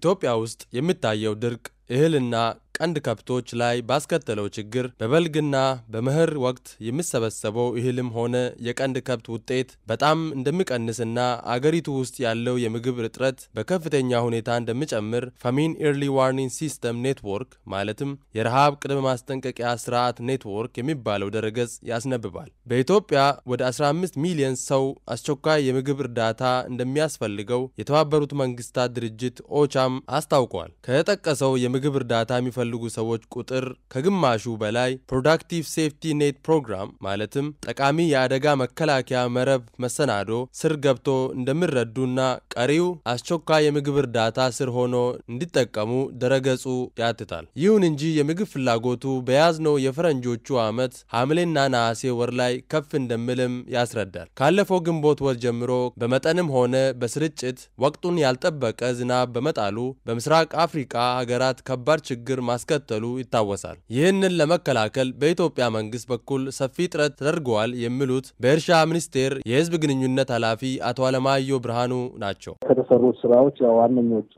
ኢትዮጵያ ውስጥ የሚታየው ድርቅ እህልና ቀንድ ከብቶች ላይ ባስከተለው ችግር በበልግና በመኸር ወቅት የሚሰበሰበው እህልም ሆነ የቀንድ ከብት ውጤት በጣም እንደሚቀንስና አገሪቱ ውስጥ ያለው የምግብ እጥረት በከፍተኛ ሁኔታ እንደሚጨምር ፋሚን ኤርሊ ዋርኒንግ ሲስተም ኔትወርክ ማለትም የረሃብ ቅድመ ማስጠንቀቂያ ስርዓት ኔትወርክ የሚባለው ደረገጽ ያስነብባል። በኢትዮጵያ ወደ 15 ሚሊዮን ሰው አስቸኳይ የምግብ እርዳታ እንደሚያስፈልገው የተባበሩት መንግስታት ድርጅት ኦቻም አስታውቋል። ከጠቀሰው የምግብ እርዳታ የሚፈልጉ የሚፈልጉ ሰዎች ቁጥር ከግማሹ በላይ ፕሮዳክቲቭ ሴፍቲ ኔት ፕሮግራም ማለትም ጠቃሚ የአደጋ መከላከያ መረብ መሰናዶ ስር ገብቶ እንደሚረዱና ቀሪው አስቸኳይ የምግብ እርዳታ ስር ሆኖ እንዲጠቀሙ ድረገጹ ያትታል። ይሁን እንጂ የምግብ ፍላጎቱ በያዝነው የፈረንጆቹ ዓመት ሐምሌና ነሐሴ ወር ላይ ከፍ እንደሚልም ያስረዳል። ካለፈው ግንቦት ወር ጀምሮ በመጠንም ሆነ በስርጭት ወቅቱን ያልጠበቀ ዝናብ በመጣሉ በምስራቅ አፍሪካ ሀገራት ከባድ ችግር ማ ማስከተሉ ይታወሳል። ይህንን ለመከላከል በኢትዮጵያ መንግስት በኩል ሰፊ ጥረት ተደርገዋል የሚሉት በእርሻ ሚኒስቴር የህዝብ ግንኙነት ኃላፊ አቶ አለማየሁ ብርሃኑ ናቸው። ከተሰሩት ስራዎች ዋነኞቹ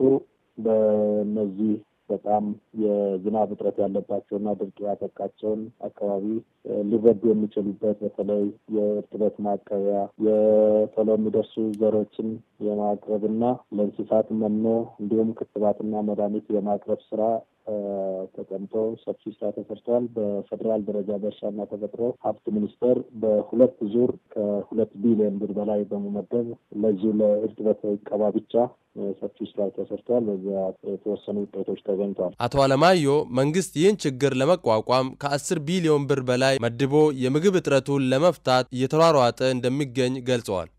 በነዚህ በጣም የዝናብ እጥረት ያለባቸውና ድርቅ ያጠቃቸውን አካባቢ ሊረዱ የሚችሉበት በተለይ የእርጥበት ማቀቢያ፣ የቶሎ የሚደርሱ ዘሮችን የማቅረብ ለእንስሳት መኖ እንዲሁም ክትባትና መድኃኒት የማቅረብ ስራ ተቀምጦ ሰፊ ስራ ተሰርቷል። በፌዴራል ደረጃ በእርሻና ተፈጥሮ ሀብት ሚኒስቴር በሁለት ዙር ከሁለት ቢሊዮን ብር በላይ በመመደብ ለዚሁ ለእርጥበት ቀባ ብቻ ሰፊ ስራ ተሰርቷል። በዚያ የተወሰኑ ውጤቶች ተገኝተዋል። አቶ አለማዮ መንግስት ይህን ችግር ለመቋቋም ከአስር ቢሊዮን ብር በላይ መድቦ የምግብ እጥረቱን ለመፍታት እየተሯሯጠ እንደሚገኝ ገልጸዋል።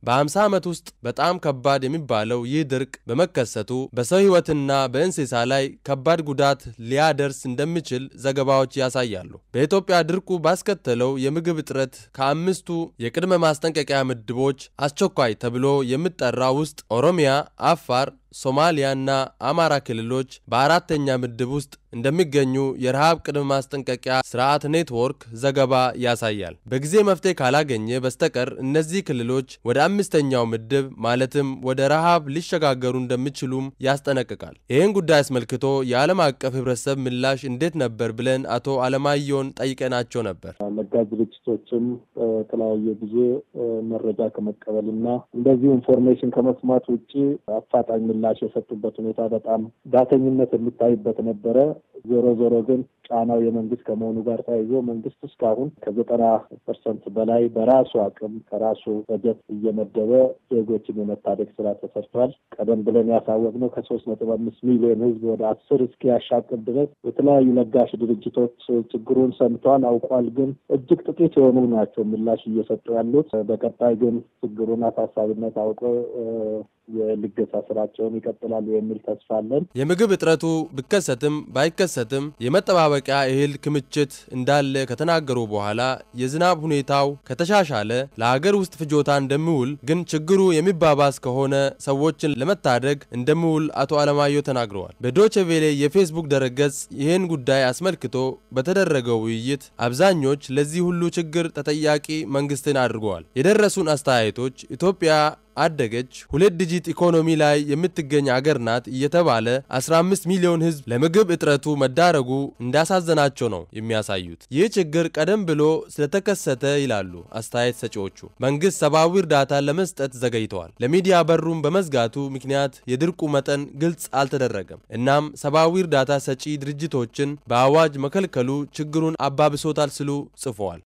ዓመት ውስጥ በጣም ከባድ የሚባለው ይህ ድርቅ በመከሰቱ በሰው ህይወትና በእንስሳ ላይ ከባድ ጉዳት ሊያደርስ ሊደርስ እንደሚችል ዘገባዎች ያሳያሉ። በኢትዮጵያ ድርቁ ባስከተለው የምግብ እጥረት ከአምስቱ የቅድመ ማስጠንቀቂያ ምድቦች አስቸኳይ ተብሎ የሚጠራ ውስጥ ኦሮሚያ፣ አፋር ሶማሊያና አማራ ክልሎች በአራተኛ ምድብ ውስጥ እንደሚገኙ የረሃብ ቅድመ ማስጠንቀቂያ ስርዓት ኔትወርክ ዘገባ ያሳያል። በጊዜ መፍትሄ ካላገኘ በስተቀር እነዚህ ክልሎች ወደ አምስተኛው ምድብ ማለትም ወደ ረሃብ ሊሸጋገሩ እንደሚችሉም ያስጠነቅቃል። ይህን ጉዳይ አስመልክቶ የዓለም አቀፍ ህብረተሰብ ምላሽ እንዴት ነበር ብለን አቶ አለማየሁን ጠይቀናቸው ነበር። ለጋሽ ድርጅቶችም በተለያየ ጊዜ መረጃ ከመቀበልና እንደዚሁ ኢንፎርሜሽን ከመስማት ውጭ አፋጣኝ ምላሽ የሰጡበት ሁኔታ በጣም ዳተኝነት የሚታይበት ነበረ። ዞሮ ዞሮ ግን ጫናው የመንግስት ከመሆኑ ጋር ተያይዞ መንግስት እስካሁን ከዘጠና ፐርሰንት በላይ በራሱ አቅም ከራሱ በጀት እየመደበ ዜጎችን የመታደግ ስራ ተሰርቷል። ቀደም ብለን ያሳወቅነው ከሶስት ነጥብ አምስት ሚሊዮን ህዝብ ወደ አስር እስኪያሻቅብ ድረስ የተለያዩ ለጋሽ ድርጅቶች ችግሩን ሰምቷል፣ አውቋል። ግን እጅግ ጥቂት የሆኑ ናቸው ምላሽ እየሰጡ ያሉት። በቀጣይ ግን ችግሩን አሳሳቢነት አውቀ የልገሳ ስራቸውን ይቀጥላሉ የሚል ተስፋ አለን። የምግብ እጥረቱ ብከሰትም ባይከሰ ቢከሰትም የመጠባበቂያ እህል ክምችት እንዳለ ከተናገሩ በኋላ የዝናብ ሁኔታው ከተሻሻለ ለሀገር ውስጥ ፍጆታ እንደሚውል ግን ችግሩ የሚባባስ ከሆነ ሰዎችን ለመታደግ እንደሚውል አቶ አለማየሁ ተናግረዋል። በዶቼ ቬሌ የፌስቡክ ደረገጽ ይህን ጉዳይ አስመልክቶ በተደረገው ውይይት አብዛኞች ለዚህ ሁሉ ችግር ተጠያቂ መንግስትን አድርገዋል። የደረሱን አስተያየቶች ኢትዮጵያ አደገች፣ ሁለት ዲጂት ኢኮኖሚ ላይ የምትገኝ አገር ናት እየተባለ 15 ሚሊዮን ህዝብ ለምግብ እጥረቱ መዳረጉ እንዳሳዘናቸው ነው የሚያሳዩት። ይህ ችግር ቀደም ብሎ ስለተከሰተ ይላሉ አስተያየት ሰጪዎቹ። መንግስት ሰብአዊ እርዳታ ለመስጠት ዘገይተዋል። ለሚዲያ በሩም በመዝጋቱ ምክንያት የድርቁ መጠን ግልጽ አልተደረገም። እናም ሰብአዊ እርዳታ ሰጪ ድርጅቶችን በአዋጅ መከልከሉ ችግሩን አባብሶታል ሲሉ ጽፈዋል።